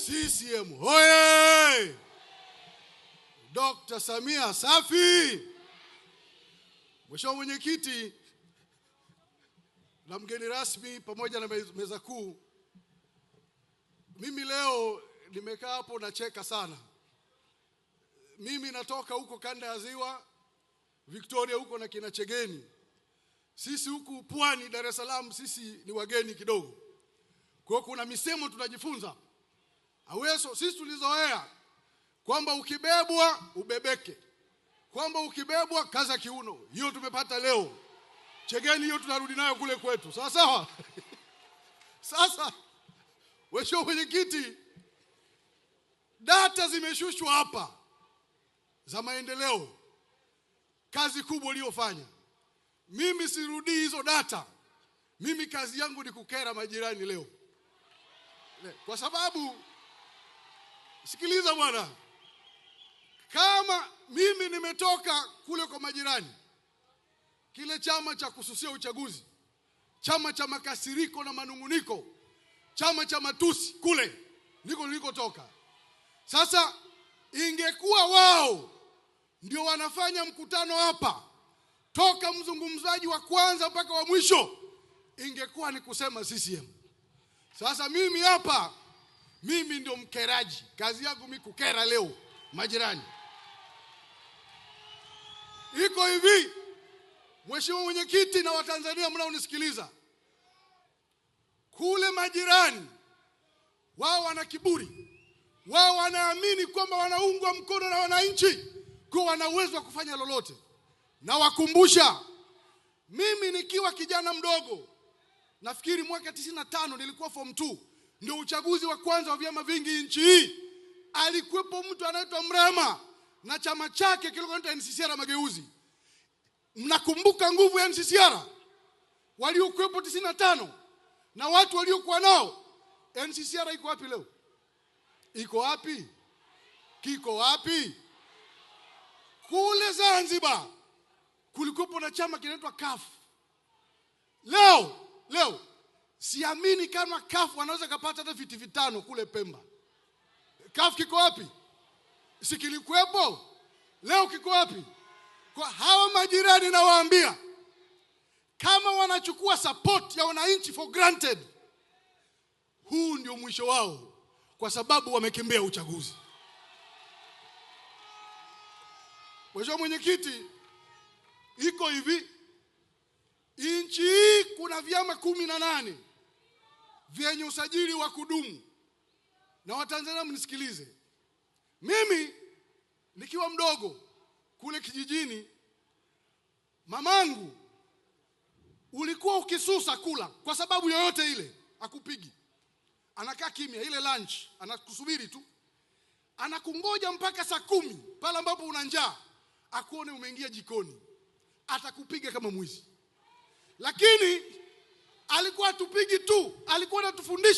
CCM hoye! Dr. Samia safi! Mheshimiwa Mwenyekiti na mgeni rasmi pamoja na meza kuu, mimi leo nimekaa hapo nacheka sana. Mimi natoka huko kanda ya Ziwa Victoria huko na kina Chegeni, sisi huku pwani Dar es Salaam sisi ni wageni kidogo, kwa hiyo kuna misemo tunajifunza Aweso ah, Sisi tulizoea kwamba ukibebwa ubebeke, kwamba ukibebwa kaza kiuno. Hiyo tumepata leo, chegeni hiyo, tunarudi nayo kule kwetu, sawa sawa. Sasa weshia mwenyekiti, data zimeshushwa hapa za maendeleo, kazi kubwa uliyofanya. Mimi sirudii hizo data, mimi kazi yangu ni kukera majirani leo, kwa sababu Sikiliza bwana, kama mimi nimetoka kule kwa majirani, kile chama cha kususia uchaguzi, chama cha makasiriko na manunguniko, chama cha matusi, kule ndiko nilikotoka. Sasa ingekuwa wao ndio wanafanya mkutano hapa, toka mzungumzaji wa kwanza mpaka wa mwisho, ingekuwa ni kusema CCM. Sasa mimi hapa mimi ndio mkeraji, kazi yangu mi kukera leo majirani. Iko hivi, Mheshimiwa Mwenyekiti na Watanzania mnaonisikiliza, kule majirani wao wana kiburi, wao wanaamini kwamba wanaungwa mkono na wananchi, kwa wana uwezo wa kufanya lolote. Nawakumbusha, mimi nikiwa kijana mdogo, nafikiri mwaka 95 nilikuwa form 2 ndio uchaguzi wa kwanza wa vyama vingi nchi hii, alikuwepo mtu anaitwa Mrema na chama chake kilikuwa kinaitwa NCCR Mageuzi. Mnakumbuka nguvu ya NCCR waliokuwepo tisini na tano na watu waliokuwa nao. NCCR iko wapi leo? Iko wapi? Kiko wapi? Kule Zanzibar kulikuwepo na chama kinaitwa CUF. Leo leo Siamini kama kafu anaweza kapata hata viti vitano kule Pemba. Kafu kiko wapi? Sikilikuwepo leo, kiko wapi? Kwa hawa majirani nawaambia, kama wanachukua support ya wananchi for granted, huu ndio mwisho wao, kwa sababu wamekimbia uchaguzi. Mheshimiwa Mwenyekiti, iko hivi nchi, kuna vyama kumi na nane vyenye usajili wa kudumu. Na Watanzania mnisikilize, mimi nikiwa mdogo kule kijijini, mamangu ulikuwa ukisusa kula kwa sababu yoyote ile, akupigi anakaa kimya, ile lunch anakusubiri tu, anakungoja mpaka saa kumi pale ambapo una njaa, akuone umeingia jikoni, atakupiga kama mwizi, lakini alikuwa tupigi tu, alikuwa anatufundisha.